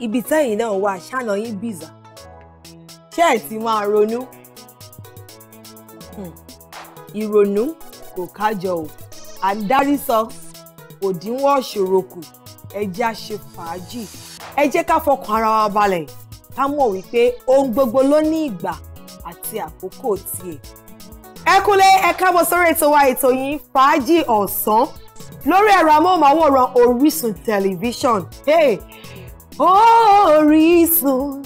ibi tẹ́yìn náà wà ṣáná yín bìzà ṣé ẹ̀ ti máa ronú hmm. ìrònú kò kájọ o àndárí sọ kò dínwọ́ ṣòro kù ẹ jẹ́ á ṣe fàájì ẹ jẹ́ ká fọkàn ara wa balẹ̀ ká mọ̀ wípé ohun gbogbo ló ní ìgbà àti àkókò tiẹ̀. ẹ kúlé ẹ káàbọ̀ sórí ètò wa ètò yìí fàájì ọ̀sán lórí ẹ̀rọ amóhùnmáwòrán Orísun tẹlifíṣọ̀n Orísun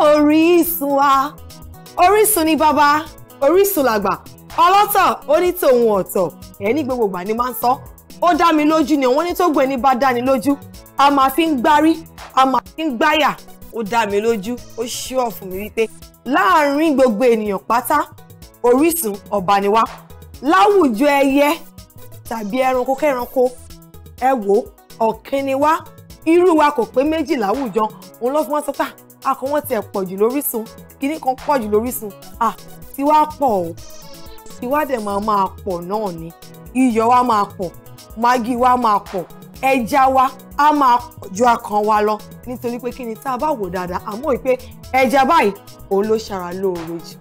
Orísun wa Orísun ni bàbá Orísun làgbà ọlọ́tọ̀ ó ní tòun ọ̀tọ̀ ẹ̀ ní gbogbo ìgbà ni máa ń sọ ó dá mi lójú ni wọ́n ní tó gbẹ̀ni bá dá ni lójú a máa fi ń gbárí a máa fi ń gbáyà ó dá mi lójú ó ṣíwọ̀ fún mi wípé láàárín gbogbo ènìyàn pátá Orísun ọba ni wá láwùjọ ẹyẹ tàbí ẹranko kẹranko ẹ wò ọ̀kín wá irú wa kò pé méjì láwùjọ òun lọ́ fi wọ́n sọ pé àkọ́ wọ́n tiẹ̀ pọ̀ jù lórísun kínní kan pọ̀ jù lórísun à tiwa pọ̀ o tiwa dẹ̀ máa máa pọ̀ náà ni iyọ̀ wa máa pọ̀ magi wa máa pọ̀ ẹja wa a máa pọ̀ ju akàn wa lọ nítorí pé kí ni tá a bá wò dáadáa àmọ́ ìpè ẹja báyìí òun ló ṣara lóore jù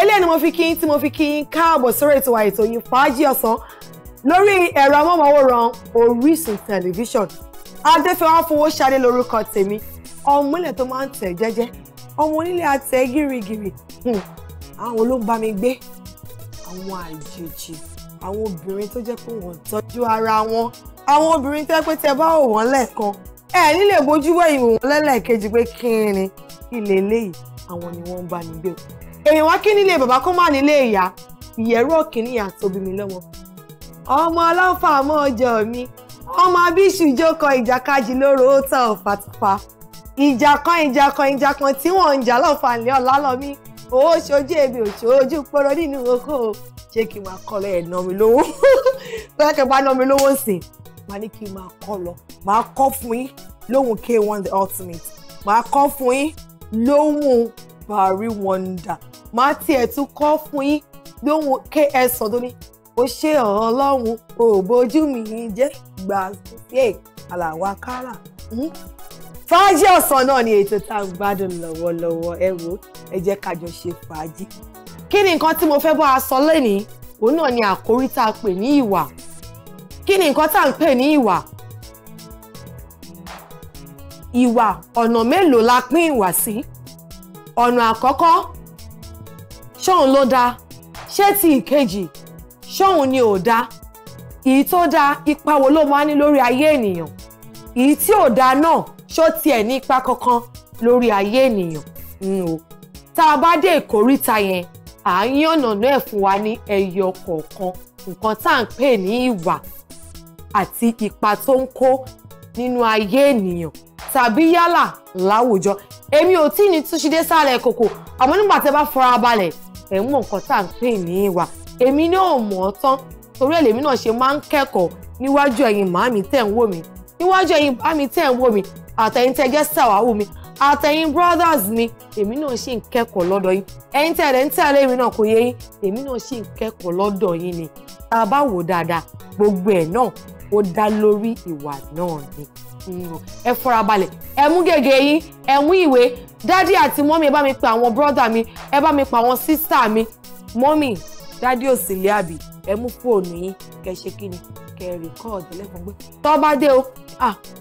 eléyìí ni mo fi kí yín tí mo fi kí yín káàbọ̀ sórí ètò wa ètò fàájì ọ̀sán lórí ẹ̀rọ amóhùnmáwòrán Orísun tẹlifíṣọ̀n adéfẹ́wá fowó ṣadé lórúkọ tèmi ọmọ ilẹ̀ tó máa ń tẹ̀ jẹ́jẹ́ ọmọ onílé àtẹ̀ gírígírí hmm. àwọn ló ń bá mi gbé àwọn àjèjì àwọn obìnrin tó jẹ́ pé wọ́n tọ́jú ara wọn àwọn obìnrin tó jẹ́ pé tẹ bá wò wọ́n lẹ́ẹ̀kan ẹ nílé bójú wẹ̀yìn wò wọ́n lẹ́lẹ́kejì pé kí ni ilé eléyìí àwọn ni wọ́n ń bá mi gbé èèyàn wá kí nílé bàbá kó má nílé ìyá ìyẹ̀rú ọ̀kìnìyàn àti obìnrin lọ́mọ ọmọ ọlọ́fà mọ́ ọjọ́ mi ọmọ abíṣù ìjókòó ìjàkadì lóru ó tàn fàtúfà ìjà kan ìjà kan ìjà kan tí wọ́n ń jà lọ́fàlẹ́ ọ̀làlọ́mí owó ṣojú èmi ò ṣojú pọ́nrọ́ nínú oko ṣé kí n máa kọ́ lọ ẹ̀ nà mí lówó bẹ́ẹ̀ kẹ́ bá nà mí lówó sìn máa ní kí n máa kọ́ lọ máa kọ́ fún yín lóhùn k one the ultimate máa kọ́ fún yín lóhùn Barry Wonder máa tiẹ̀ tún kọ́ fún yín lóhùn KS ọdún ní ó ṣe ọlọ́run ò bójú mi jẹ́ gbà alawa kara. Hmm? fàájì ọ̀sán náà ni ètò tá gbádùn lọ́wọ́lọ́wọ́ ẹ wò ẹ jọ ṣe fàájì. kí ni nǹkan tí mo fẹ́ bọ́ a sọ lónìí ni àkórí tá a pè ní ìwà kí ni nǹkan tá pè ní ìwà ìwà ọ̀nà mélòó la pín ìwà sí ọ̀nà àkọ́kọ́ ṣóun ló dáa ṣé ti ṣóun ni ò dáa èyí tó dáa ipa wo ló máa ní lórí ayé ènìyàn èyí tí ò dáa náà ṣó tiẹ̀ ní ipa kankan lórí ayé ènìyàn o tá a bá dé ìkóríta yẹn à ń yànnàná ẹ̀ fún wa ní ẹyọ kọ̀ọ̀kan nǹkan tá à ń pè ní ìwà àti ipa tó ń kó nínú ayé ènìyàn tàbí yálà láwùjọ èmi ò tí ì ní túnṣídé sálẹ̀ kòkò àmọ́ nígbà tí ẹ bá fara balẹ̀ ẹ̀ ń mọ nǹkan tá à ń pè ní ìwà èmi náà mọ̀ ọ́ tán torí ẹ̀ lèmi náà ṣe máa ń kẹ́kọ̀ọ́ níwájú ẹ̀yin màámi tẹ̀ ń wò mí níwájú ẹ̀yin bámi tẹ̀ ń wò mí àtẹ̀yin tẹ̀ gẹ́ sàwáwò mi àtẹ̀yin brothers mi èmi náà ṣì ń kẹ́kọ̀ọ́ lọ́dọ̀ yín ẹ̀yin tẹ̀ rẹ̀ ń tẹ̀lé mi náà kò yé yín èmi náà ṣì ń kẹ́kọ̀ọ́ lọ́dọ̀ yín ni tá a bá wò dáadáa gbogbo ẹ̀ náà ó dá lórí ìwà náà ni ẹ fọra balẹ̀ ẹ mú gègé yín ẹ mú ìwé dádì àti mọ́mí ẹ bá mi pe àwọn brọ́dà mi ẹ bá mi pa àwọn sísà mi mọ́mí dádì òsèlè àbí ẹ mú fóònù yín kẹ ṣe kí ni kẹ rìkọ́ọ̀dù lẹ́fọ̀n pé tọ́ bá dé o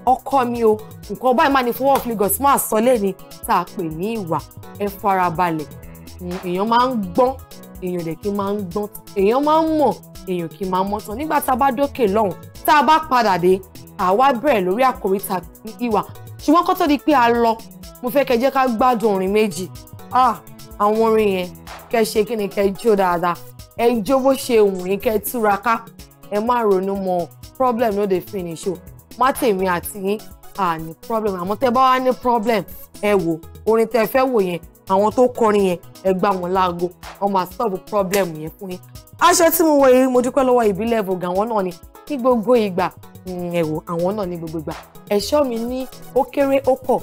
ọkọ mi o nǹkan báyìí máa ní fọwọ́ fligọ̀sì máa sọ lẹ́ni tá a pè ní ìwà ẹ farabalẹ̀ èèyàn máa ń gbọ́n èèyàn dẹ̀ kí máa ń gbọ́n èèyàn máa ń mọ̀ èèyàn kí máa mọ̀ tán nígbà tá a bá dókè lọ́hùn tá a bá padà dé àwa bẹ̀rẹ̀ lórí àkòrí ta ìwà ṣùgbọ́n kó tó di pé a lọ mo fẹ́ kẹ́ jẹ́ ká gbádùn orin méjì àwọn orin yẹn kẹ́ ṣe kí ni kẹ́ jó dáadáa ẹ jó bó ṣe wù yín kẹ́ túraká ẹ má ronú mọ́ problem no dey finish o má tèmi àti yín à ní problem àmọ́ tẹ́ bá wá ní problem ẹ wò orin tẹ́ fẹ́ wò yẹn àwọn tó kọrin yẹn ẹ gbà wọ́n láago wọ́n máa stop problem yẹn fún yín aṣọ tí mo wọ yìí mo dúpẹ́ lọ́wọ́ ìbílẹ̀ vogue àwọn náà ni ní gbogbo ìgbà mm, ẹ wò àwọn náà ní gbogbo ìgbà ẹ̀ṣọ́ mi ní ó kéré ó pọ̀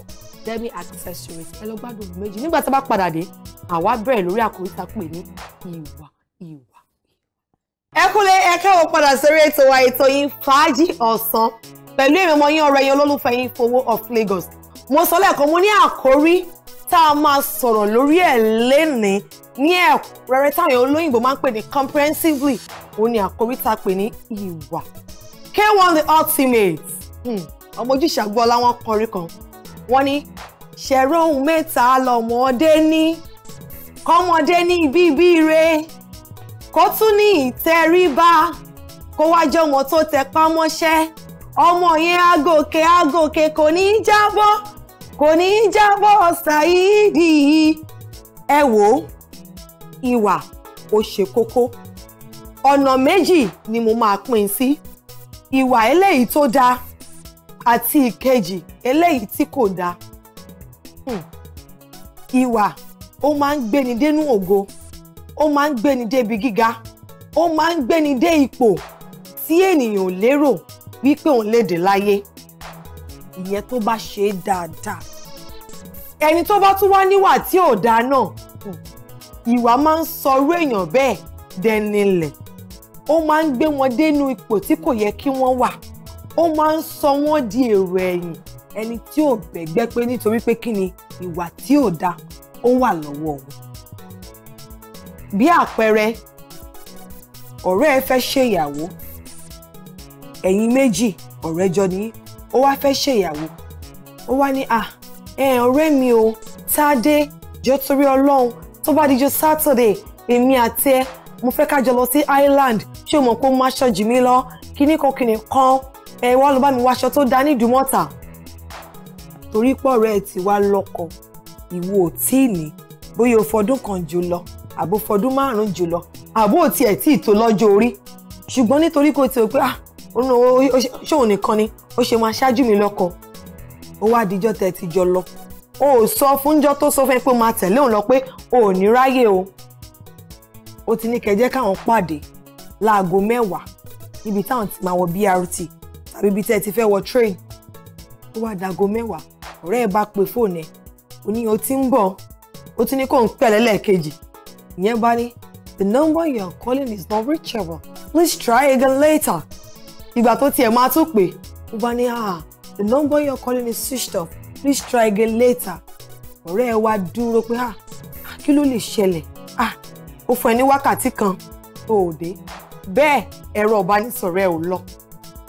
demi accessories ẹ lọ gbádùn méjì nígbà tí a bá padà dé àwa bẹ̀rẹ̀ lórí àkòrí tá pè ní ìwà ìwà. ẹ kúlé ẹ káwọ padà sórí ètò wa ètò yín fàájì ọ̀sán pẹ̀lú èmi ọmọ yín ọ̀rẹ́ yín olólùfẹ́ yín Fowó of Lagos mo sọ lẹ́ẹ̀kan mo ní àkórí tá a máa sọ̀rọ̀ lórí ẹ̀ lénìí ní ẹ̀kúnrẹ́rẹ́ táwọn olóyìnbó máa ń pè ní comprehensively òun ni àkórí tá a pè ní ìwà K1 the ultimate hmm, ọmọ ojúṣe àgbọ̀ láwọn kọrin kan wọ́n ní ṣẹ̀rọ ohun mẹ́ta lọ́mọdé ní kọ́mọdé ní ibi ibi re kó tún ní ìtẹríba kó wá jẹ́ ọmọ tó tẹpá mọ́ṣẹ́ ọmọ yẹn á gòkè á gòkè kò ní í jábọ́ kò ní í jábọ́ ṣáídì ẹ wò ó ìwà ó ṣe kókó ọ̀nà méjì ni mo máa pín sí ìwà eléyìí tó dáa àti ìkejì eléyìí tí kò dáa hmm. ìwà ó máa ń gbéni dénú ògo ó máa ń gbéni débi gíga ó máa ń gbéni dé ipò tí ènìyàn ò lérò wípé òun lè dé láyé ìyẹn tó bá ṣe é dáadáa ẹni tó bá tún wá níwà tí ò dáa náà ìwà máa ń sọrú èèyàn bẹ́ẹ̀ dẹnilẹ̀ ó máa ń gbé wọn dénú ipò tí kò yẹ kí wọ́n wà ó máa ń sọ wọ́n di èrò ẹ̀yìn ẹni tí ò bẹ̀gbẹ́ pé nítorí pé kí ni ìwà tí ò dáa ó wà lọ́wọ́ wọn bí àpẹẹrẹ ọ̀rẹ́ ẹ fẹ́ ṣèyàwó ẹ̀yin méjì ọ̀rẹ́ jọ ní ó wá fẹ́ ṣèyàwó ó wá ní ah ẹ ọ̀rẹ́ mi o Tádé jọ torí Ọlọ́run tó bá dijọ́ Saturday èmi àti ẹ mo fẹ́ ká jọ lọ sí Island ṣé o mọ̀ pé ó máa ṣọ jù mí lọ kíní kan kíní kan ẹ wá lọ bá mi wáṣọ tó dá ní Ìdúmọ̀tà torí pọ̀ ọ̀rẹ́ ti wá lọ́kọ ìwọ ò tí ì ní bóyá o fọdún kan jù lọ àbò fọdún márùn-ún jùlọ àbò tí ẹ̀ tí ì tó lọ́jọ́ orí ṣùgbọ́n nítorí kò tí o pé ah ṣóun nìkan ni ó ṣe máa ṣáájú mi lọ́kọ ó wá dijọ́ tẹ̀ ti jọ lọ o ò sọ fúnjọ́ tó sọ fẹ́ pé ó máa tẹ̀lé òun lọ pé o ò ní ráyè o ó ti ní kẹjẹ́ káwọn pàdé láago mẹ́wàá níbi táwọn ti máa wọ BRT tàbí ibi tẹ́ ti fẹ́ wọ train ó wá dago mẹ́wàá ọ̀rẹ́ ẹ bá pe fóònù ẹ̀ ó ní o ti ń bọ̀ ó tún ní kó ń pẹ̀lẹ́ lẹ́ẹ̀kejì Ìyẹn bá the number you are calling is not reachable please try again later. Ìgbà tó tiẹ̀ máa tún pè ó bá ah the number you are calling is switched off please try again later. Ọ̀rẹ́ ẹ wá dúró pé ah kí ló lè ṣẹlẹ̀ ah ó fún ẹ ní wákàtí kan tó ò dé bẹ́ẹ̀ ẹ̀rọ ọ̀bánisọ̀rọ̀ ẹ ò lọ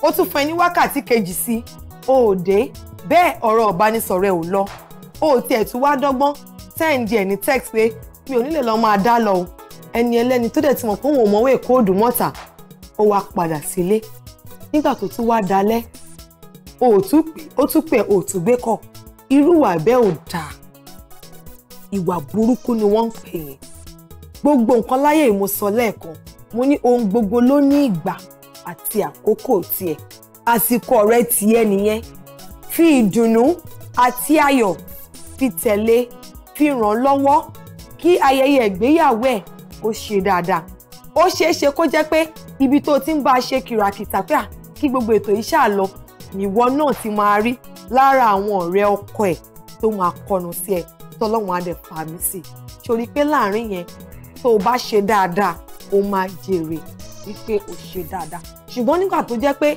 ó tún fún ẹ ní wákàtí kejì o ò dé bẹ́ẹ̀ ọ̀rọ̀ ọ̀bánisọ̀rọ̀ ẹ̀ ò lọ o ò tiẹ̀ tún wá dọ́gbọ́n sẹ́ǹdì ẹ̀ ní text pé mi ò nílè lọ máa dá lọ o ẹni ẹlẹ́ni tó dẹ̀ ti mọ̀ pé òun ò mọ̀wé èkó òdù mọ́ta ó wá padà sílé nígbà tó tún wá dalẹ̀ ó tún pè ó tún gbé kọ̀ irú bẹ́ẹ̀ ò dáa ìwà burúkú ni wọ́n ń pè yẹn gbogbo nǹkan láyé mo sọ lẹ́ẹ̀kan mo ní ohun gbogbo ló ní ìgbà àti àkókò tiẹ̀ àsìkò ọ̀rẹ́ tiẹ̀ nìyẹn fi ìdùnnú àti ayọ̀ fi tẹ̀lé fi ràn lọ́wọ́ kí ayẹyẹ ìgbéyàwó ẹ̀ kó ṣe dáadáa ó ṣeé ṣe kó jẹ́ pé ibi tó ti ń bá a ṣe kìràkìtà pé à kí gbogbo ètò yìí ṣáà lọ nìwọ náà ti máa rí lára àwọn ọ̀rẹ́ ọkọ ẹ̀ tó máa kọnu sí ẹ tọ́lọ́run á fà mí sí i sórí pé láàrin yẹn tó o bá ṣe dáadáa o máa jèrè wípé o ṣe dáadáa ṣùgbọ́n nígbà tó jẹ́ pé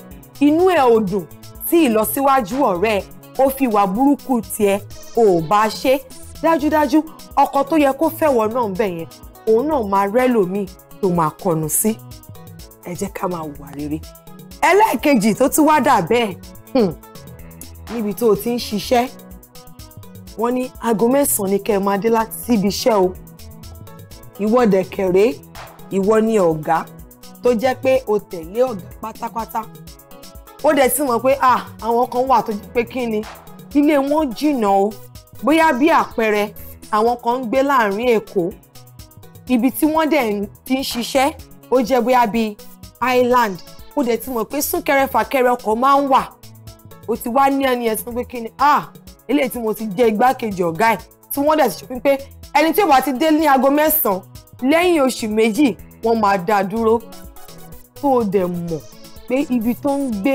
inú ẹ̀ ò dùn tí ìlọsíwájú ọ̀rẹ́ ó fi ìwà burúkú tiẹ̀ ò bá ṣe dájúdájú ọkọ tó yẹ kó fẹ́wọ̀ náà bẹ̀ yẹn òun náà máa rẹ́lòmíì tó máa kọnu sí ẹ jẹ́ ká máa wà rere ẹlẹ́ẹ̀kejì tó tún wá dà bẹ́ẹ̀ hmm, níbi tó o ti ń ṣiṣẹ́ wọ́n ní aago mẹ́sàn-án ni kẹ́ ẹ máa dé láti síbi iṣẹ́ o ìwọ dẹ̀kẹ̀rẹ́ ìwọ ni ọ̀gá tó jẹ́ pé o tẹ̀lé ọ̀gá pátápátá ó dẹ̀ ti mọ̀ pé àwọn kan wà tó jẹ́ pé kí ni ilé wọn jìnnà o bóyá bí àpẹẹrẹ àwọn kan ń gbé láàrin Èkó ibi tí wọ́n dẹ̀ ti ń ṣiṣẹ́ ó jẹ́ bóyá bí island ó dẹ̀ ti mọ̀ pé súnkẹrẹ fàkẹrẹ ọkọ̀ máa ń wà ó ti wá ní ẹni ẹ̀sùn pé kí ni ah eléyìí tí mo ti jẹ́ igbákejì ọ̀gá ẹ̀ tí wọ́n dẹ̀ ti ṣòfin pé ẹni tí ò bá ti dé ní aago mẹ́sàn-án lẹ́yìn oṣù méjì wọ́n máa dá dúró tó o dẹ̀ mọ̀ pé ibi tó ń gbé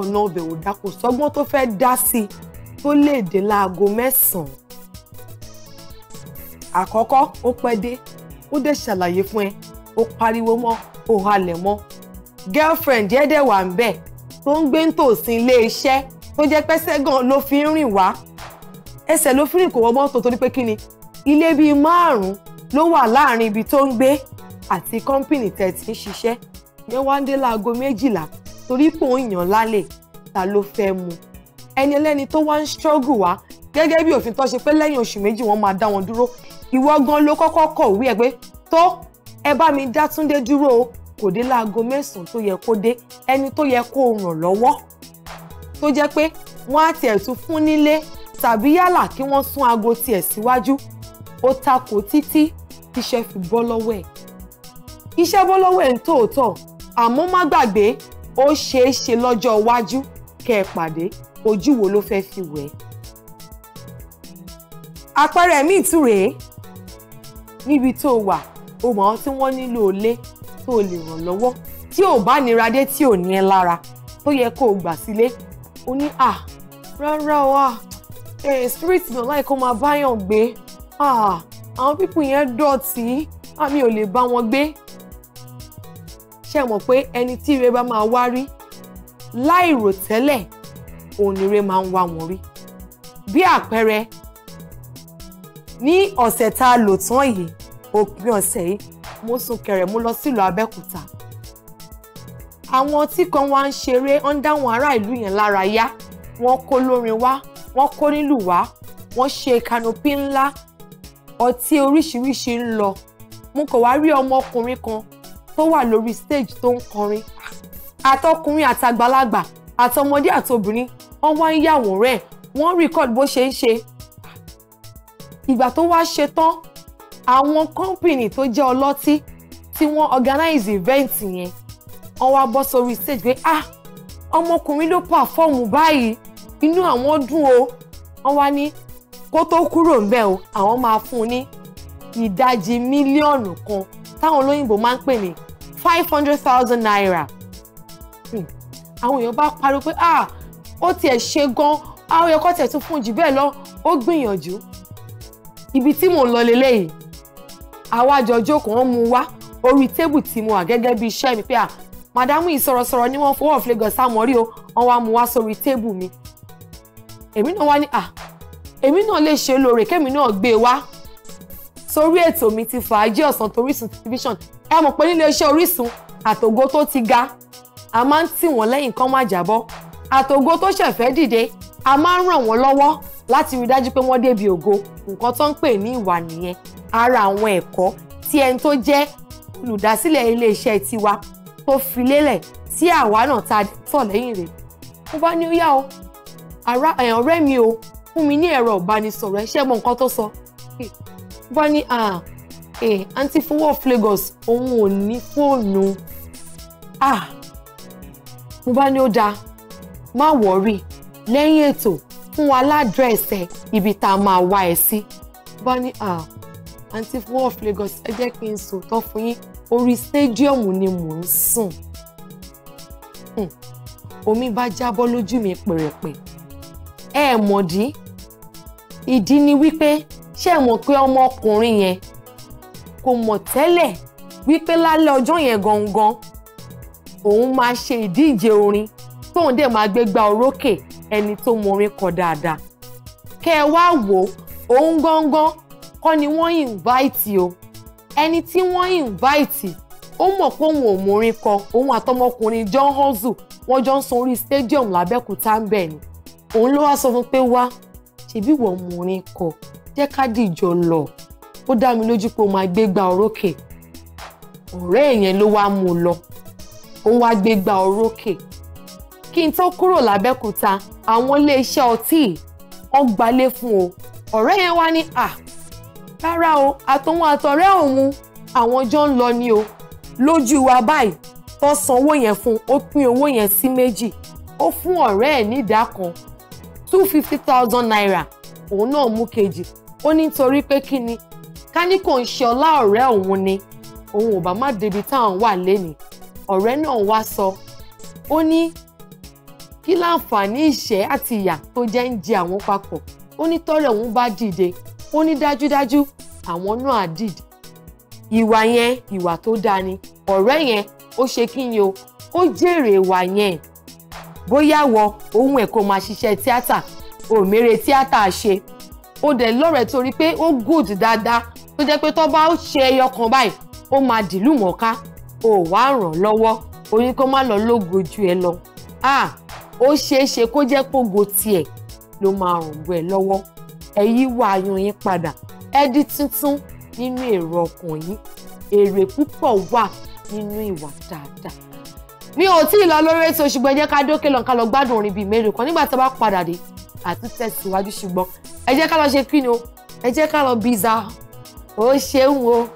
ọ̀nà ọbẹ̀ ò dá kò sọ́gbọ́n tó fẹ́ dá sí i tó lè dé láago mẹ́sàn-án. àkọ́kọ́ ó pẹ́ dé ó dé ṣàlàyé fún ẹ ó pariwo mọ́ ó halẹ̀ mọ́ girlfriend yẹ́ dẹ̀ wà ń bẹ̀ tó ń gbé nítòsí iléeṣẹ́ tó jẹ́ pẹ́sẹ́ gan ló fi ń rìn wá ẹsẹ̀ ló fi rìn kò wọ mọ́tò torí pé kí ni ilé bíi márùn-ún ló wà láàrin ibi tó ń gbé àti kọ́ńpìnì tẹ̀ tí ń ṣiṣẹ́ yẹn wá ń dé láago méjìlá torí pò ń yàn lálẹ́ ta ló fẹ́ mu ẹni ẹlẹ́ni tó wá ń struggle wá gẹ́gẹ́ bí òfin tó ṣe pé lẹ́yìn oṣù méjì wọ́n máa dá wọn dúró ìwọ gan ló kọ́kọ́ kọ̀wé ẹ pé tó ẹ bá mi dá Túndé dúró o kò dé láago mẹ́sàn-án tó yẹ kó dé ẹni tó yẹ kó ràn lọ́wọ́ tó jẹ́ pé wọ́n á tiẹ̀ tún fún nílé tàbí yálà kí wọ́n sún aago tiẹ̀ síwájú ó takò títí tíṣẹ́ fi bọ́ lọ́wọ́ ẹ̀ iṣẹ́ bọ́ lọ́wọ́ ẹ̀ ń tòótọ́ àmọ́ má gbàgbé ó ṣeé lọ́jọ́ iwájú kẹ́ ẹ pàdé ojú wo ló fẹ́ fi wẹ̀. àpẹẹrẹ Mi tún rèé níbi tó wà o mọ̀ ọ́ tí wọ́n nílò ilé tó lè ràn lọ́wọ́ tí ò bá nira dé tí ò ní ẹ lára tó yẹ kó o gbà sílé o ní à rárá o à ẹ̀ spirit náà láì kó máa báyàn gbé àwọn pípù yẹn dọ̀tí àmì ò lè bá wọn gbé ṣe mọ̀ pé ẹni tí ire bá máa wá rí láìròtẹ́lẹ̀ onire máa ń wá wọn rí bí àpẹẹrẹ ní ọ̀sẹ̀ tá a lò tán yìí òpin ọ̀sẹ̀ yìí mo sún kẹrẹ̀ mo lọ sílùú Abẹ́òkúta àwọn tí kan wá ń ṣeré ń dáwọn ará ìlú yẹn lára yá wọ́n kó lórin wá wọ́n kó nílù wá wọ́n ṣe kanopi ńlá ọtí oríṣiríṣi ń lọ mo kàn wá rí ọmọkùnrin kan tó wà lórí stage tó ń kọrin àtọkùnrin àtàgbàlagbà àtọmọdé àtobìnrin wọ́n wá ń yàwòrán ẹ̀ wọ́n record bó ṣe ń ṣe ìgbà tó wá ṣe tán àwọn kọ́ńpìnì tó jẹ́ ọlọ́tí tí wọ́n organize event yẹn wọ́n wá bọ́ sórí stage pé ah ọmọkùnrin ló perform báyìí inú àwọn dùn o wọ́n wá ní kó tó kúrò ń bẹ̀ o àwọn máa fún un ní ìdajì mílíọ̀nù kan táwọn olóyìnbó máa ń pè ní five hundred thousand naira. Hmm àwọn èèyàn bá pariwo pé ah ó tiẹ̀ ṣe gan àwọn èèyàn kọ́ tiẹ̀ tún fún jù bẹ́ẹ̀ lọ ó gbìyànjú ibi tí mò ń lọ leléyìí àwa àjọ jókòó wọn mú wá orí tébù tí mo wà gẹ́gẹ́ bí iṣẹ́ mi pé ah màdámù yìí sọ̀rọ̀sọ̀rọ̀ ni wọ́n fọwọ́ Lagos Àmọ́rí o wọ́n wá mú wá sórí tébù mi èmi náà wá ní ah èmi náà lè ṣe lóore kémi náà gbé e wá sórí ètò mi ti fàájì ọ̀sán torísun tẹlifíṣàn ẹ mọ̀ pé nílé iṣẹ́ Orísun àtògo tó ti ga a máa ń tì wọ́n lẹ́yìn kán má jábọ́ àtògo tó ṣẹ̀fẹ́ dìde a máa ń ràn wọ́n lọ́wọ́ láti rí dájú pé wọ́n débi ògo nǹkan tó ń pè ní ìwà nìyẹn ara àwọn ẹ̀kọ́ tí ẹni tó jẹ́ olùdásílẹ̀ iléeṣẹ́ tiwa tó fi lélẹ̀ tí àwa náà ta tọ̀ lẹ́yìn rẹ̀ mo bá ní ó yá o ọ̀rẹ́ mi o fún mi ní ẹ̀rọ ìbánisọ̀rọ̀ ẹ ṣe mọ nǹkan tó sọ bá ní àǹtí fowó flagos òun ò ní fóònù ah mo bá ní ó dáa má wọ̀ọ́rì lẹ́yìn ètò fún wa ládírẹ́sẹ̀ ibi tá a máa wá ẹ sí mo bá ní àǹtí Fuwo of Lagos ẹ jẹ́ kí n sòótọ́ fún yín orí stadium ni mò ń sùn hmm. omi bá jábọ́ lójú mi pẹ̀rẹ̀pẹ̀ ẹ mọ̀dí ìdí ni wípé ṣé ẹ mọ̀ pé ọmọkùnrin yẹn kò mọ̀ tẹ́lẹ̀ wípé lálẹ́ ọjọ́ yẹn gangan òun máa ṣe ìdíje orin tóun dẹ̀ máa gbé gba orókè ẹni tó mọ orin kọ dáadáa kẹ́ ẹ wá wò ó òun gángan kọ́ ni wọ́n invite o ẹni tí wọ́n invite ó mọ̀ pé òun ò mọ orin kọ òun àtọmọkùnrin John Hustle wọ́n jọ ń sun orí stadium làbẹ́kúta ń bẹ̀ ni òun ló wá sọ fún pé wá ṣebí wọ́n mọ orin kọ jẹ́ ká dìjọ lọ ó dá mi lójú pé o máa gbé gba orókè ọ̀rẹ́ yẹn ló wá mú un lọ òun wá gbé gba orókè kí n tó kúrò lábẹ́kúta àwọn iléeṣẹ́ ọtí wọ́n gbalé fún o ọ̀rẹ́ yẹn wá ní à rárá o àtòun àtọ̀rẹ́ òun àwọn jọ ń lọ ni o lójú wa báyìí tó sanwó yẹn fún ó pín owó yẹn sí méjì ó fún ọ̀rẹ́ ẹ̀ nídàá kan two fifty thousand naira òun náà mú kejì ó ní nítorí pé kí ni ká ní kò ń ṣe ọlá ọ̀rẹ́ òun ni òun ò bá má débi táwọn wà lénìí ọ̀rẹ́ náà wá sọ ó ní kí láǹfààní ìṣẹ́ àti ìyà tó jẹ́ ń jẹ àwọn papọ̀ ó ní tọ́rẹ̀ òun bá dìde ó ní dájúdájú àwọn náà á dìde ìwà yẹn ìwà tó dáa ni ọ̀rẹ́ yẹn ó ṣe kí ni o ó jèrè ìwà yẹn bóyá wọ ohun ẹ̀ máa ṣiṣẹ́ tíátà òmèrè tíátà ṣe ó dẹ̀ lọ́rẹ̀ẹ́ torí pé ó gùd dáadáa tó jẹ́ pé tó bá ṣe ẹyọ kan báyìí ó máa dìlú mọ̀ọ́ká o wá ràn lọ́wọ́ oyún kó má lọ lógo ju ẹ lọ ah ó ṣeé ṣe kó jẹ́ pògo tiẹ̀ ló máa ràn bọ́ ẹ lọ́wọ́ ẹ yí wá ayọ̀ yín padà ẹ di tuntun nínú èrò ọkàn yín èrè púpọ̀ wà nínú ìwà dáadáa mi ò tí ì lọ lórí ètò ṣùgbọ́n ẹ jẹ́ ká dókè lọ ká lọ gbádùn orin bíi mélòó kan nígbà tó bá padà dé àti tẹ̀síwájú ṣùgbọ́n ẹ jẹ́ ká lọ ṣe kí ni o ẹ jẹ́ ká lọ bíza ó ṣeun o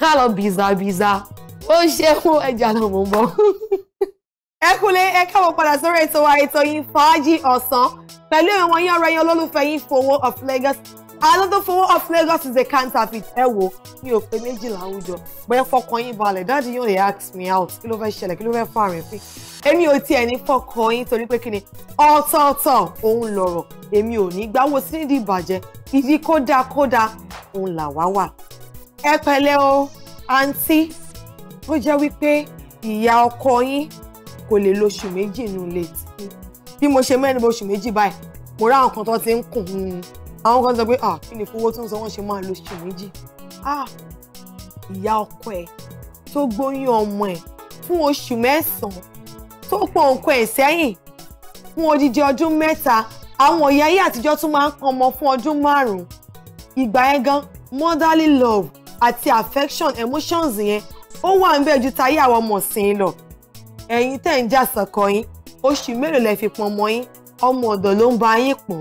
ká lọ bíza bíza ó ṣeun ẹja náà mò ń bọ̀. ẹ kúlé ẹ káwọ́ padà sórí ètò wa ètò yín fàájì ọ̀sán pẹ̀lú ìwọ̀n yín ọ̀rọ̀ yín olólùfẹ́ yín Fowó of Lagos àwọn tó fowó of Lagos is a counterfeit ẹ wo mi ò pé méjìlá àwùjọ bẹ́ẹ̀ fọkàn yín balẹ̀ dáàdi yóò lè ask me out kí ló fẹ́ ṣẹlẹ̀ kí ló fẹ́ fà rìn fún èmi ò tiẹ̀ ní fọkàn yín torí pé kí ni ọ̀tọ̀ọ̀tọ̀ òun lọ̀rọ̀ èmi ò ní gbáwó sí nídìí ìbàjẹ́ ìdí kódà kódà òun là wà. ẹ pẹ̀lẹ́ o àǹtí ó jẹ́ wípé ìyá ọkọ yín kò lè lo oṣù méjì nínú ilé tí bí mo ṣe mẹ́rin oṣù méjì báyìí mo rá àwọn kan tó ti ń kùn ún àwọn kan sọ pé ah kí ni fowó tó ń sọ wọ́n ṣe máa lo oṣù méjì ah ìyá ọkọ ẹ̀ tó gbóyún ọmọ ẹ̀ fún oṣù mẹ́sàn-án tó pọ̀ nǹkan ẹ̀ sẹ́yìn fún odidi ọdún mẹ́ta àwọn ìyá ayé àtijọ́ tún máa ń pọn ọmọ fún ọdún márùn-ún ìgbà yẹn gan motherly love àti affection emotions yẹn ó wà ń bẹ́ẹ̀ ju tayé àwọn ọmọ sìn lọ ẹ̀yin tẹ̀ ń jà sọ̀kọ yín oṣù mélòó lẹ fi pọn ọmọ yín ọmọ ọ̀dọ̀ ló ń ba yín pọ̀n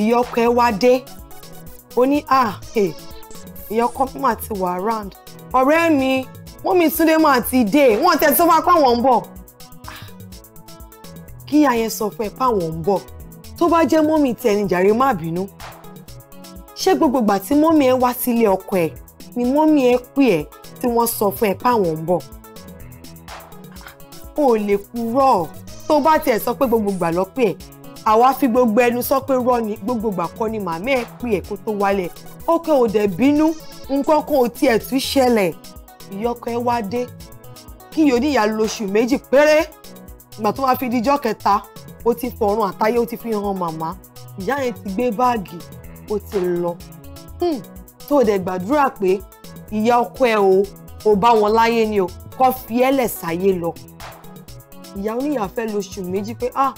ìyọkọ ẹ wá dé ó ní à ìyọkọ mi mà ti wà round ọ̀rẹ́ mi wọ́n mi Túndé mà ti dé wọ́n tẹ̀ tó bá pàwọn ń bọ̀ kí ayẹn sọ fún ẹ pàwọn ń bọ̀ tó bá jẹ́ mọ́mì tẹ̀ ní jàre má bínú ṣé gbogbo ìgbà tí mọ́mì ẹ wá sílé ọkọ ẹ ni mọ́mì ẹ pè ẹ́ tí wọ́n sọ fún ẹ páwọn ń bọ̀ o lè purọ́ tó bá tiẹ̀ sọ pé gbogbo gbà lọ́pẹ́ ẹ̀ àwa fi gbogbo ẹnu sọ pé rọ́ ni gbogbo gbà kọ́ ni màmá ẹ̀ pè ẹ̀ kó tó wálẹ̀ ó kẹ́ ò dẹ̀ bínú nǹkan kan ò tiẹ̀ tún ṣẹlẹ̀ ìyọkọ ẹ wá dé kí yóò níyà lóṣù méjì péré ìgbà tó wá fi dijọ́ kẹta ó ti fọ̀run àtayé ó ti fi hàn màmá ìyá yẹn ti gbé báàgì ó ti lọ hmm. tó o dẹ̀ gbàdúrà pé ìyá ọkọ ẹ o ò bá wọn láyé ni o kọ́ fi ẹ́lẹ̀ sáyé lọ. ìyá oníyà fẹ́ lóṣù méjì pé ah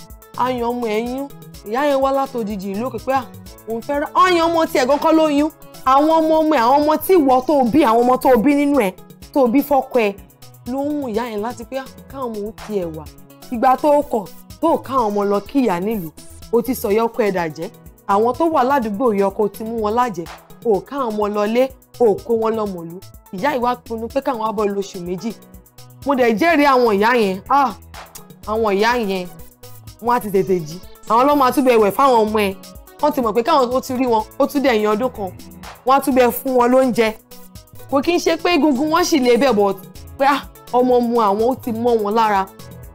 ayan ọmọ ẹ̀ yún ìyá yẹn wá látòdìjì ìlú òkè pé ah òun fẹ́ ra ayan ọmọ tiẹ̀ gan kọ́ ló yún àwọn ọmọ ọmọ ẹ̀ àwọn ọmọ tí ìwọ tó bí àwọn ọmọ tó bí nínú ẹ̀ tó bí fọ́kọ ẹ̀ ló ń mú ìyá yẹn láti pé ah káwọn ọmọ òun tiẹ̀ wà ìgbà tó kọ̀ tó káwọn ọmọ lọ kíyà nílùú ó ti sọ yọkọ ẹ̀ dàjẹ́ àwọn tó wà ládùúgbò yọkọ ti mú wọn lájẹ́ ò ká àwọn ọmọ lọlé ò kó wọn lọmọlú ìyá ìwà pinnu pé káwọn wá bọ̀ lóṣù méjì mo dẹ̀ jẹ́rìí àwọn ìyá yẹn ah, àwọn ìyá yẹn wọ́n á ti tètè jí àwọn ọlọ́mọ àtúbẹ̀ ẹ̀wẹ̀ fáwọn ọmọ ẹ̀ wọ́n ti mọ̀ pé káwọn ó ti rí wọn ó tún dẹ̀yìn ọdún kan wọ́n á túbẹ̀ fún wọn lóúnjẹ kò kí n ṣe pé egungun wọn sì lè bẹ̀ bọ̀ pé ah, ọmọ mu àwọn ó ti mọ́ wọn lára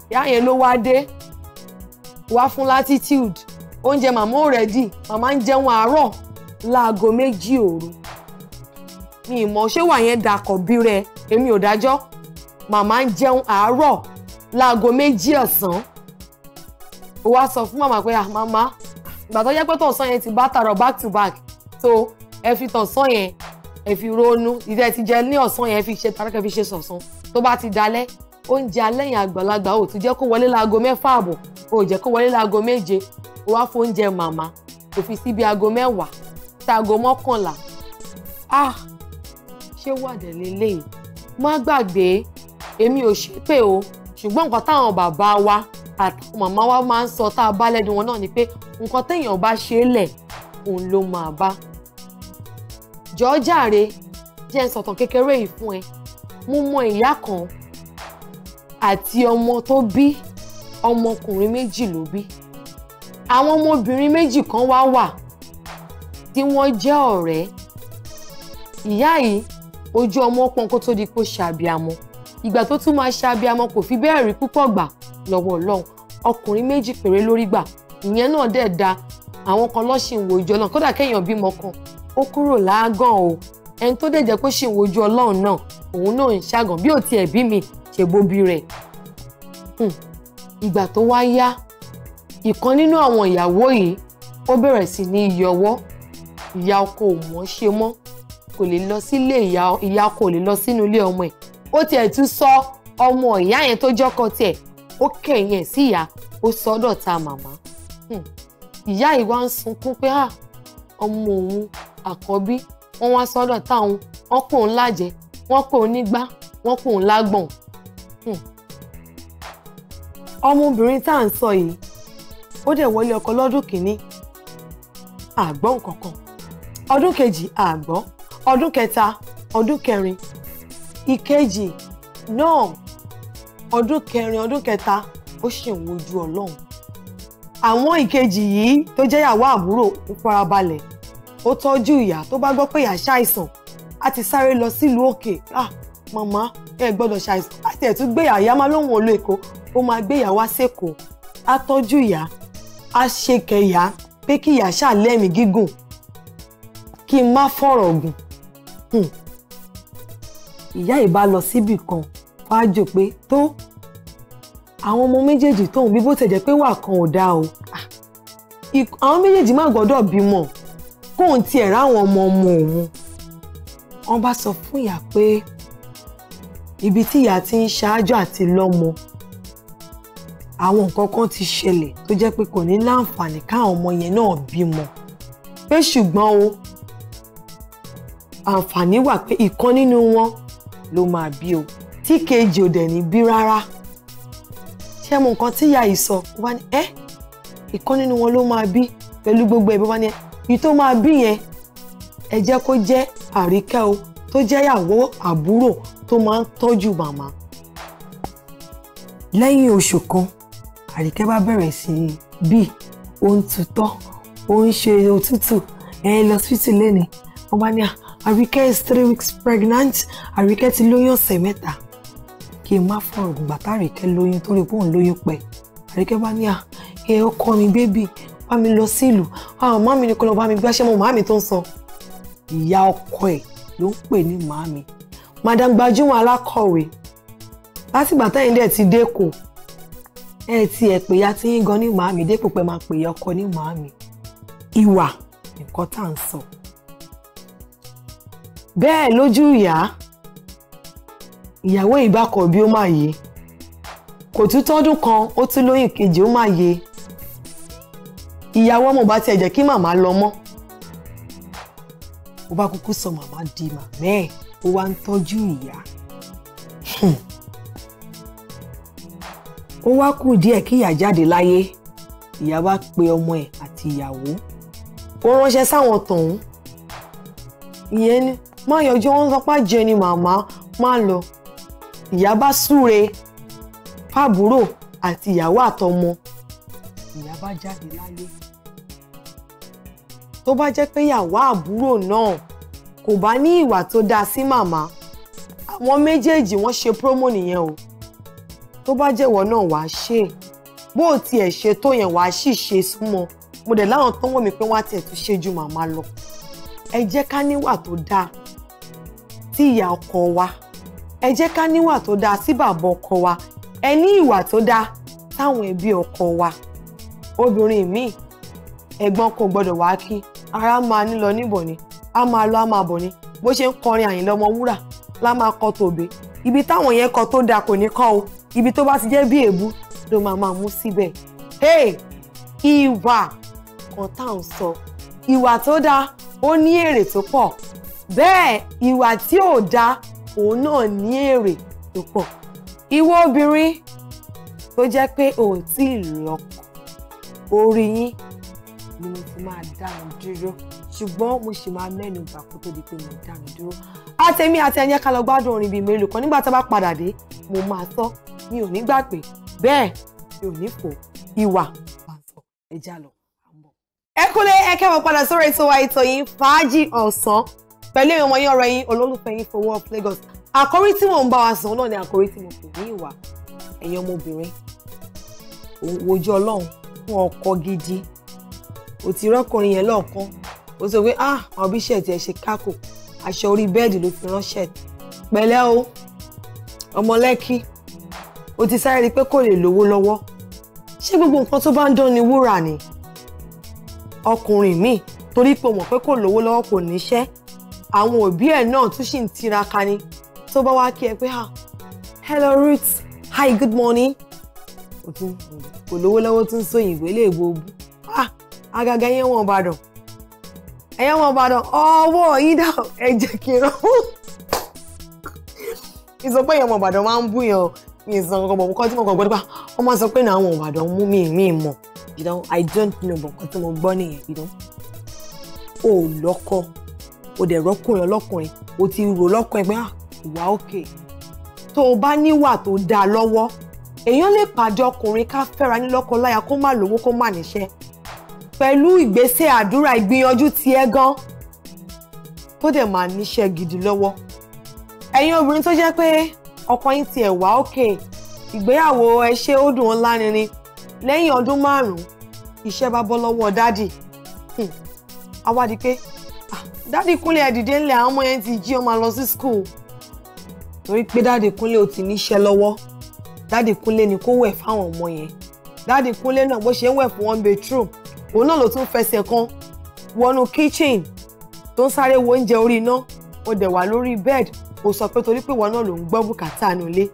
ìyá yẹn ló wá dé wá fún latitude oúnjẹ màmá ò rẹ́dì màmá ń jẹun àárọ̀ láago méjì òru mi ì mọ̀ ṣé wà yẹn dakọ̀ bí rẹ èmi ò dájọ́ màmá ń jẹun àárọ̀ láago méjì ọ̀sán ó wá sọ fún màmá pé ah màmá ìgbà tó jẹ́ pé tọ̀sán yẹn ti bá tààrọ̀ back to back so ẹ fi tọ̀sán yẹn ẹ fi ronú ìdẹ́ ti jẹ ní ọ̀sán yẹn fi ṣe tàrẹ́kẹ́ fi ṣe sọ̀sán tó bá ti dalẹ́ oúnjẹ alẹ́ yẹn àgbàlagbà ò tún jẹ́ kó wọlé láago mẹ́fà àbọ̀ ò jẹ́ kó wọlé láago méje ó wá fóúnjẹ màmá kò fi síbi aago mẹ́wàá táago mọ́kànlá ah ṣé wàdẹ̀ lélẹ́yìn má gbàgbé èmi ò ṣépè o ṣùgbọ́n nǹkan táwọn bàbá wa àtàwọn màmá wa máa ń sọ tá a bá lẹ́nu wọn náà ni pé nǹkan téèyàn bá ṣe é lẹ̀ òun ló máa bá jọ̀ọ́ jàre jẹ́ ń sọ̀tàn kékeré yìí fún ẹ mo mọ ìyá kan àti ọmọ tó bí ọmọkùnrin méjì ló bí àwọn ọmọbìnrin méjì kan wá wà. Wa tí wọ́n jẹ́ ọ̀rẹ́ ìyá yìí ojú ọmọ pọn kó tó di pé ó ṣàbíamọ ìgbà tó tún máa ṣàbíamọ kò fi bẹ́ẹ̀ rí púpọ̀ gbà lọ́wọ́ ọlọ́run ọkùnrin méjì péré lórí gbà ìyẹn náà dẹ̀ da àwọn kan lọ́ sì ń wo ojú ọlọ́run kódà kéèyàn bímọ kan ó kúrò láàgàn o ẹni tó dẹ̀ jẹ́ pé sì ń wo ojú ọlọ́run náà òun náà ń ṣàgàn bí ò tiẹ̀ bí mi ṣe bóbi rẹ̀ hmm. ìgbà tó wá yá ìkan nínú àwọn ìyàwó yìí ó bẹ̀rẹ̀ sí ní yọwọ́ ìyá ọkọ ò mọ̀ ṣe mọ́ kò lè lọ sílé ìyá ọkọ ò lè lọ sínú ilé ọmọ ẹ̀ ó tiẹ̀ tún sọ ọmọ ìyá yẹn tó jọ́kọ tiẹ̀ ó kẹ̀yìn ẹ̀ sí ìyá ó sọ ọ́ dọ̀ta màmá hmm. ìyá yìí wá ń sunkún pé ah, ọmọ òun àkọ́bí wọ́n wá sọ́dọ̀ táwọn wọ́n pò ń lájẹ́ wọ́n pò ń nígbá wọ́n pò ń lágbọ̀n. Hmm. ọmọbìnrin tá à ń sọ yìí ó dẹ̀ wọlé ọkọ lọ́dún kìíní àgbọ̀n kankan ọdún kejì àgbọ́ ọdún kẹta ọdún kẹrin ìkejì náà ọdún kẹrin ọdún kẹta ó ṣì ń wojú ọlọ́run àwọn ìkejì yìí tó jẹ́ ìyàwó àbúrò ó farabalẹ̀ ó tọ́jú ìyá tó bá gbọ́ pé ìyá ṣàìsàn á ti sáré lọ sílùú òkè ah màmá ẹ gbọ́dọ̀ ṣàìsàn á ti ẹ̀tún gbé ìyá má lóhùn olú èkó ó máa gbé ìyá wá sẹ́kọ̀ọ́ á tọ́jú ìyá á ṣe kẹ̀yà pé kí ìyá ṣàlẹ́mìí gígùn kí n má fọ̀rọ̀ gùn hmm. ìyá ìbá lọ síbì kan fájò pé tó àwọn ọmọ méjèèjì tóun bí bó ti jẹ́ pé wà kan ò dáa o ah. àwọn méjèèjì má gbọ́dọ̀ bímọ kóun tiẹ̀ ráwọn ọmọ ọmọ òun wọ́n bá sọ fún ìyá pé ibi tí ìyá ti ń ṣáájú àti lọ́mọ àwọn nǹkan kan ti ṣẹlẹ̀ tó jẹ́ pé kò ní láǹfààní káwọn ọmọ yẹn náà bímọ pé ṣùgbọ́n o àǹfààní wà pé ìkan nínú wọn ló máa bí o tí kejì ò dẹ̀ ní bí rárá ṣé mo nǹkan tí ìyá yìí sọ wá ní ẹ́ ìkan nínú wọn ló máa bí pẹ̀lú gbogbo ẹ̀bí wá ní ẹ́ èyí tó máa bí yẹn ẹ jẹ́ kó jẹ́ àríkẹ́ o tó jẹ́ ìyàwó àbúrò tó máa ń tọ́jú màmá. lẹ́yìn oṣù kan àríkẹ́ bá bẹ̀rẹ̀ sí í bí ó tutọ́ ó ṣe òtútù ẹ lọ sí tìlẹ́ni wọ́n bá ní à àríkẹ́ is three weeks pregnant àríkẹ́ ti lóyún ọ̀sẹ̀ mẹ́ta kí n má fọ̀rọ̀ gbà táríkẹ́ lóyún torí pé òun lóyún pẹ́ àríkẹ́ bá ní à ẹ ọkọ mi bébì bá mi lọ sí ìlú àwọn màmí ni kò bá mi gbáṣẹ́ mọ́ màmí tó ń sọ ìyá ọkọ ẹ̀ ló ń pè ní màmí madam gbajúmọ̀ alákọ̀wé látìgbà táyìn dẹ̀ ti dẹ́kọ̀ ẹ ti ẹ̀ pè ya ti yín gan ní màmí dẹ́kọ̀ pẹ́ máa pè ya ọkọ ní màmí ìwà nǹkan tá à ń sọ. So bẹ́ẹ̀ lójú ìyá ìyàwó ìbákọ̀bí ó máa yé kò tún tọ́dún kan ó tún lóyún kejì ó máa yé ìyàwó ọmọ bá tiẹ̀ jẹ́ kí màmá lọ mọ́ ó bá kúkú sọ màmá di màmá ẹ̀ ó wá ń tọ́jú ìyá hmm. ó wá kù díẹ̀ kí ìyá jáde láyé ìyá bá pe ọmọ ẹ̀ àti ìyàwó ó ránṣẹ́ sáwọn tọ̀hún ìyẹn má yọjú wọn sọ pé jẹ ni màmá má lọ ìyá bá súre fàbúrò àti ìyàwó àtọmọ ìyá bá jáde láyé tó bá jẹ́ pé ìyàwó àbúrò náà kò bá ní ìwà tó dáa sí màmá àwọn méjèèjì wọ́n ṣe promo nìyẹn o tó bá jẹ́wọ́ náà wàá ṣe bó o tiẹ̀ ṣe tó yẹn wàá sì ṣe súnmọ́ mo dẹ̀ láwọn tó ń wọ̀ mí pé wọ́n á tiẹ̀ tún ṣe ju màmá lọ ẹ jẹ́ ká níwà tó dáa sí ìyá ọkọ wa ẹ jẹ́ ká níwà tó dáa sí bàbá ọkọ wa ẹ ní ìwà tó dáa sáwọn ẹbí ọkọ wa obìnrin míì ẹ̀gbọ́n kò gbọ́dọ̀ wá kí ara máa nílọ níbọ̀ ni a máa lọ a máa bọ̀ ni bó ṣe ń kọrin Àyìnlá Ọmọwúrà la máa kọ tòbé ibi táwọn yẹn kọ tó dáa kò ní kọ o ibi tó bá ti jẹ́ bí èébú ló máa máa mú síbẹ̀ ìwà kan tá sọ ìwà tó dáa ó ní èrè tó pọ̀ bẹ́ẹ̀ ìwà tí ò da òun náà ní èrè tó pọ̀ ìwọ obìnrin tó jẹ́ pé ò tí ì lọ́kọ orí yín ni mo ti máa dá wọn dúró ṣùgbọ́n mo sì máa mẹ́nu bà kó tó di pé mo dá wọn dúró àtẹ̀mí àti ẹ̀yẹ́ ká lọ gbádùn orin bíi mélòó kan nígbà tá a bá padà dé mo máa sọ mi ò ní gbà pé bẹ́ẹ̀ mi ò ní fò ìwà pàṣọ ẹja lọ. ẹ kúlé ẹ kẹ́wọ̀n padà sórí ètò wa ètò fàájì ọ̀sán pẹ̀lú èèyàn ọmọ yín ọ̀rọ̀ yín olólùfẹ́ yín fowó up Lagos àkórí tí mò ń bá wa sàn náà ni àkórí tí mo pè ní ìwà ẹ̀yin ọmọbìnrin wojú ọlọ́run fún ọkọ gidi ò ti rọ́kùnrin yẹn lọ́ọ̀kan ó sọ pé ah àwọn bí ṣẹ̀tì ẹ̀ ṣe kákò aṣọ orí bẹ́ẹ̀dì ló fi ránṣẹ́ pẹ̀lẹ́ o ọmọ lẹ́kí ti sáré rí i pé kò lè lówó lọ́wọ́ ṣé gbogbo nǹkan tó bá ń dán ni wúrà ni ọkùnrin míì torí pé mọ̀ pé kò lówó lọ́wọ́ kò níṣẹ́ àwọn òbí ẹ̀ náà tún sì ń tiraka ni tó bá wá kí ẹ pé hello Ruth hi good morning kò lówó lọ́wọ́ tún sọ òyìnbó lè gbogbo agaga yẹn wọn Ìbàdàn ẹ̀yẹ́ wọn Ìbàdàn ọwọ́ yídà ẹ jẹ́ kí n rán ìsọpẹ́ yẹn wọn Ìbàdàn máa ń bú yẹn mi ìsan kankan bọ̀ nǹkan tí mo kàn gbọ́ nípa wọ́n máa sọ pé náà àwọn Ìbàdàn mú mi mi mọ̀ you know I don't know but nǹkan tí mo gbọ́ nìyẹn you know o lọ́kọ o dẹ̀ rọ́kùnrin ọlọ́kùnrin o ti rò lọ́kùnrin pé ah, ìwà òkè tó o bá níwà tó dáa lọ́wọ́ èèyàn lè pàjọ ọkùnrin ká fẹ́ra ní lọ́kọ láya kó má lówó kó má níṣẹ́ pẹ̀lú ìgbésẹ̀ àdúrà ìgbìyànjú tiẹ̀ gan tó dẹ̀ máa níṣẹ́ gidi lọ́wọ́ ẹ̀yin obìnrin tó jẹ́ pé ọkọ yín tiẹ̀ wá òkè ìgbéyàwó ẹ ṣe ó dùn ọ́n lárinrin lẹ́yìn ọdún márùn-ún iṣẹ́ bá bọ́ lọ́wọ́ dádì àwa hmm. di pé dáàdì kúnlẹ̀ ẹ̀dìdẹ́ ńlẹ̀ àwọn ọmọ yẹn ti jí ọmọ lọ sí school torí pé dáàdì kúnlẹ̀ ò ti níṣẹ́ lọ́wọ́ dáàdì kúnlẹ̀ ni kó wẹ̀ fáwọn ọmọ yẹn dáàdì kúnlẹ̀ náà bó ṣe ń wẹ̀ fún one bedroom òun náà ló tún fẹsẹ̀ kan wọnú kitchen tó ń sáré wo oúnjẹ orí iná ó dẹ̀ wà lórí bed kò sọ pé torí pé ìwọ náà ló ń gbọ́ bùkátà nulẹ̀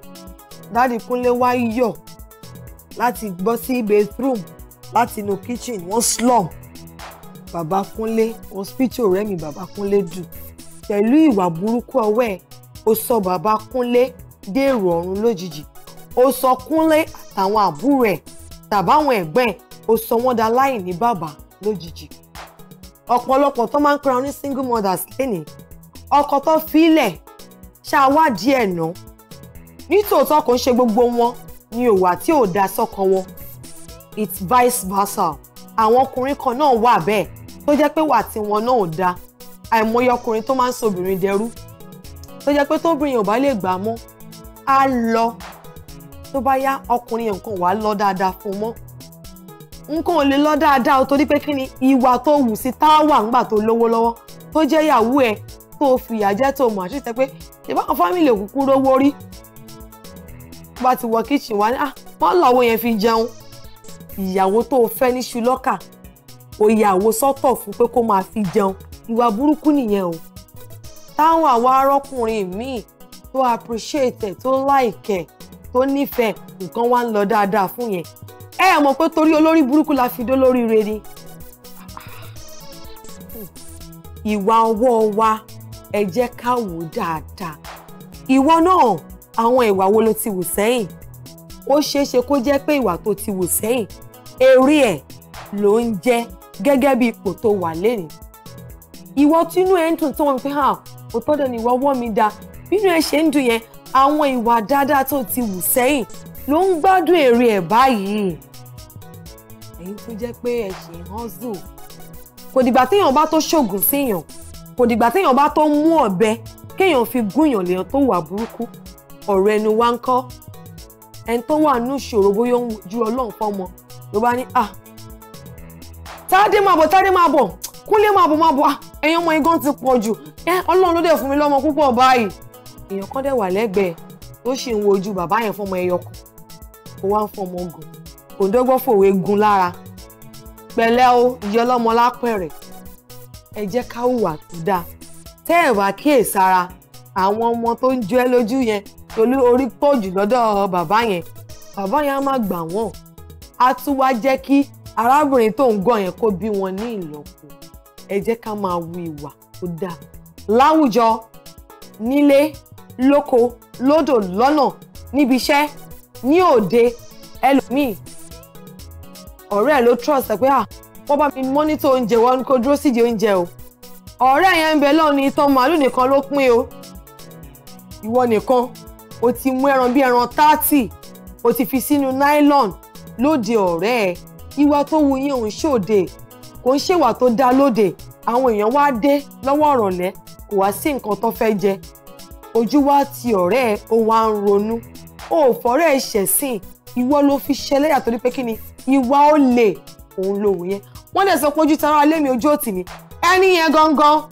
dáàdì kúnlé wá yọ̀ láti gbọ́ sí bathroom láti inú kitchen wọ́n slum Babakúnlé hospital Rẹ̀mí Babakúnlé dù pẹ̀lú ìwà burúkú ọwọ́ ẹ̀ ó sọ Babakúnlé dèrò ọ̀run lójijì ó sọ Kúnlé àtàwọn àbúrò ẹ̀ tàbáwọn ẹ̀gbẹ́ ẹ̀ ó sọ wọ́n da láì ní bàbá lójijì ọ̀pọ̀lọpọ̀ tó máa ń pera ní single mothers lénìí ọkọ tó filẹ̀ ṣàwádìí ẹ̀ ná nítòótọ́ kò ń ṣe gbogbo wọn ni òwà tí ò dá sọ́kọ wọn it's vice versa àwọn ọkùnrin kan náà wà bẹ́ẹ̀ tó jẹ́ pé wà tí wọn náà ò dáa àìmọye ọkùnrin tó máa ń sobìnrin dẹrú tó jẹ́ pé tóbìnrin ò bá lè gbà mọ́ á lọ tó bá yá ọkùnrin yẹn nǹkan wà á lọ dáadáa fún mọ́ nǹkan ò lè lọ dáadáa o torí pé kí ni ìwà tó wù sí táwà ńgbà tó lówó lọ́wọ́ tó jẹ́ ìyàwó ẹ̀ tó fìyà jẹ́ tó mọ̀ àṣìṣe pé ìbáwọn fámìlì òkúkú rówó rí bá ti wọ kíchìn wá ní ah wọ́n lọ́wọ́ yẹn fi jẹun ìyàwó tó fẹ́ ní ṣùlọ́kà òye àwo sọ́tọ̀ fún pé kó máa fi jẹun ìwà burúkú nìyẹn o táwọn àwọn arọ́kùnrin míì tó appreciate ẹ̀ tó like tó nífẹ̀ẹ́ nǹkan wá ń lọ dáadáa fún yẹn ẹ ẹ mọ̀ pé torí olórí burúkú la fi dó lórí rere ni ìwà ọwọ́ wa ẹ jẹ́ ká wò dáadáa ìwọ náà àwọn ìwà wo ló ti wù sẹ́yìn ó ṣeé ṣe kó jẹ́ pé ìwà tó ti wù sẹ́yìn eré ẹ̀ ló ń jẹ́ gẹ́gẹ́ bí ipò tó wà lẹ́nìí. ìwọ tínú ẹ ń dùn tí wọ́n fi hàn ah, kò tọ́dọ̀ ní ìwọ wọ́ mi da bínú ẹ ṣe ń dùn yẹn àwọn ìwà dáadáa tó ti wù sẹ́yìn ló ń gbádùn èrè ẹ̀ báyìí. ẹ̀yin tó jẹ́ pé ẹ ṣe hustle kò dìgbà téèyàn bá tó ṣògùn séèyàn kò dìgbà téèyàn bá tó mú ọ̀bẹ kéèyàn fi gúnyàn lèèyàn tó wà burúkú ọ̀rọ̀ ẹnu wa ń kọ́ ẹni tó wà nínú ìṣòro bóyá ó ọlọ́run fọ́mọ ló bá ní ah tàádé máa bọ̀ tàádé máa bọ̀ kúnlé máa bọ̀ máa bọ̀ ah, ẹ̀yin ọmọ igán ti pọ̀ jù ẹ eh, ọlọ́run ló dẹ̀ fún mi lọ́mọ púpọ̀ báyìí èèyàn kan dẹ̀ wà lẹ́gbẹ̀ẹ́ tó sì ń wojú bàbá yẹn fọmọ ẹyọ kan kó wá ń fọmọ ogun kò ń dọ́gbọ́n fòwe gun lára pẹ̀lẹ́ o ìyá ọlọ́mọ lápẹ̀rẹ̀ ẹ jẹ́ ká hùwà tó dáa tẹ́ ẹ̀ bá kíyèsára àwọn ọmọ tó ń jẹ́ lójú yẹn tolú orí pọ̀ jù lọ́dọ̀ bàbá yẹn bàbá yẹn á má gbà wọ́n á tún wá jẹ́ kí arábìnrin tó ń gàn yẹn kó bí wọn ní ìlọ́po ẹ jẹ́ ká máa wu ìwà tó dáa láwùjọ nílé lóko lódò lọ́nà níbi iṣẹ́ ní òde ẹlòmíì ọ̀rẹ́ ẹ̀ ló trust ẹ pé à ah, wọ́n bá mi mọ́nítọ̀ oúnjẹ wọn kó dúró sídìí oúnjẹ o ọ̀rẹ́ yẹn ń bẹ lọ́ọ̀ni itan màálù nìkan ló pín o ìwọ nìkan o ti mú ẹran bí ẹran táàtì o ti fi sínú nylon lóde ọ̀rẹ́ ẹ̀ ìwà tó wù yín òun ṣòde kò ń ṣèwà tó dá lóde àwọn èèyàn wá dé lọ́wọ́ ọ̀rọ̀lẹ́ kò wá sí nǹkan tó fẹ́ jẹ ojú wa ti ọ̀rẹ́ ẹ̀ ó wá ń ronú ó fọ́rẹ́ ẹ̀ ṣẹ̀sìn ìwọ ló fi ṣẹlẹ́yà torí pé kí ni ìwà ó lè òun ló wù yẹn wọ́n dẹ̀ sọ pé ojú tara alẹ́ mi ojú òtì ni ẹni yẹn gangan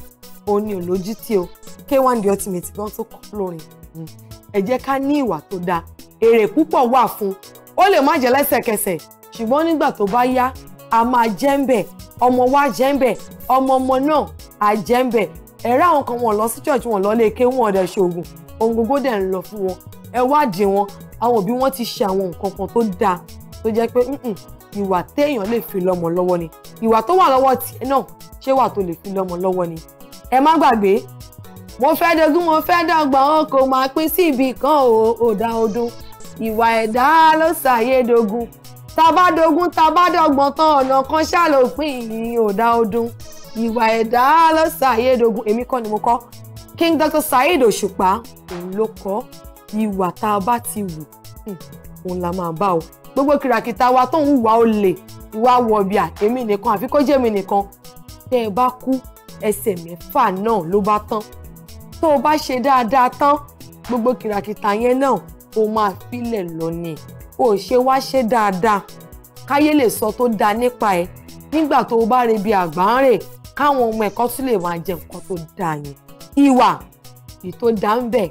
òun ni òlójú tí o k1 the ultimate gan tó kọ́ lórin hmm. ẹ jẹ́ ká ní ìwà tó dáa èrè púpọ̀ wà fún ó lè má jẹ́ lẹ́sẹ̀kẹsẹ̀ ṣùgbọ́n nígbà tó bá yá a máa jẹ́ ń bẹ̀ ọmọ wa jẹ́ ń bẹ̀ ọmọ ọmọ náà á jẹ́ ń bẹ̀ ẹ̀rọ àwọn kan wọ́n lọ sí church wọ́n lọ lè ké wọn ọ̀dẹ̀ ṣoògùn ohun gbogbo dẹ̀ ń lọ fún wọn ẹ wádìí wọn àwọn òbí wọn ti ṣe àwọn nǹkan kan tó dáa tó jẹ́ pé ìwà téèyàn lè fi lọ́mọ lọ́wọ́ ni ìwà tó wà lọ́wọ́ tiẹ̀ náà ṣé wà tó lè fi lọ́mọ lọ́wọ́ ni ẹ má gbàgbé mo fẹ́ dogún mo fẹ́ dọ́gbọ̀n o kò máa pín sí ibì kan o ò dá ọdún ìwà ẹ̀dá ló ṣàyédogún tabádogún tabádọ́gbọ̀n tán ọ̀nà kan ṣàlòpin ìyìn òdà ọdún ìwà ẹ̀dá ló ṣàyédogun èmi kọ́ ni mo kọ́ King Dr. Saheed Òṣùpá òun ló kọ́ ìwà tá a bá ti wù òun la máa bá o gbogbo kìràkìtà wa tó ń wà ó lè ìwà wọ̀bìà èmi nìkan àfi kó jẹ́ èmi nìkan tẹ́ ẹ bá kú ẹsẹ̀ mẹ́fà náà ló bá tán tó o bá ṣe dáadáa tán gbogbo kìràkìtà yẹn náà o máa filẹ̀ lọ ni o ṣe wá ṣe dáadáa káyé lè sọ tó dáa nípa ẹ nígbà tó o bá re bí àgbáǹrè káwọn ọmọ ẹ̀kọ́ tún lè máa jẹ nǹkan tó dáa yẹn ìwà èyí tó dáa ń bẹ̀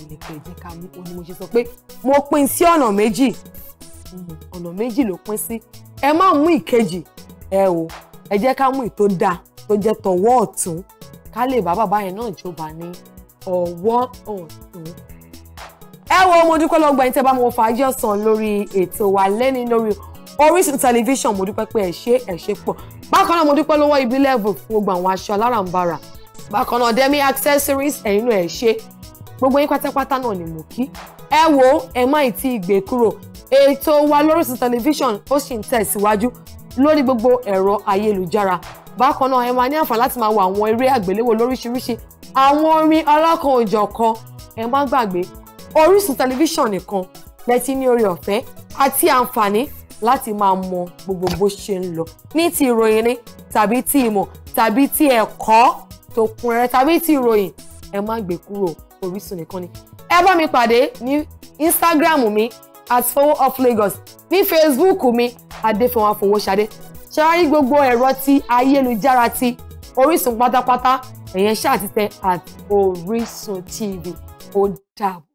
ìlè pé ká mú o ni mo ṣe sọ pé mo pín sí ọ̀nà méjì ọ̀nà méjì ló pín sí ẹ má mú ìkejì ẹ o ẹ jẹ́ ká mú ìtó dáa tó jẹ́ tọwọ́ ọ̀tún ká lè bá bàbá yẹn náà jọba ní ọwọ́ ọ̀tún ẹ wo mo dúpẹ́ lọ́gbà yín tẹ́ bá mo fàájì ọ̀sán lórí ètò wa lẹ́ni lórí Orísun tẹlifíṣàn mo dúpẹ́ pé ẹ ṣe ẹ ṣe pọ̀ bákan náà mo dúpẹ́ lọ́wọ́ ibi level fún gbogbo àwọn aṣọ alárànbarà bákan náà demi accessories ẹ̀yin náà ẹ ṣe gbogbo yín pátápátá náà ni mo kí ẹ wo ẹ má ì tí ì gbé kúrò ètò wa lórísun tẹlifíṣàn ó sì ń tẹ̀síwájú lórí gbogbo ẹ̀rọ ayélujára bákan náà ẹ máa ní àǹfààní láti máa wo àwọn eré àgbéléwò lóríṣiríṣi àwọn orin ọlọ́kan ò ẹ má gbàgbé Orísun tẹlifíṣàn nìkan lẹ ti ní orí ọ̀fẹ́ àti àǹfààní láti máa mọ gbogbo bó ṣe ń lọ ní ti ìròyìn ni tàbí ti ìmọ̀ tàbí ti ẹ̀kọ́ tó kún rẹ tàbí ti ìròyìn ẹ má gbé kúrò Orísun nìkan ni. ẹ bá mi pàdé ní Instagram mi at fowó of Lagos ní Facebook mi adéfẹ́wọ̀n afowóṣadé ṣáárí gbogbo ẹ̀rọ ti ayélujára ti Orísun pátápátá ẹ̀yẹn ṣáà ti tẹ at Orísun TV ó dàbọ̀.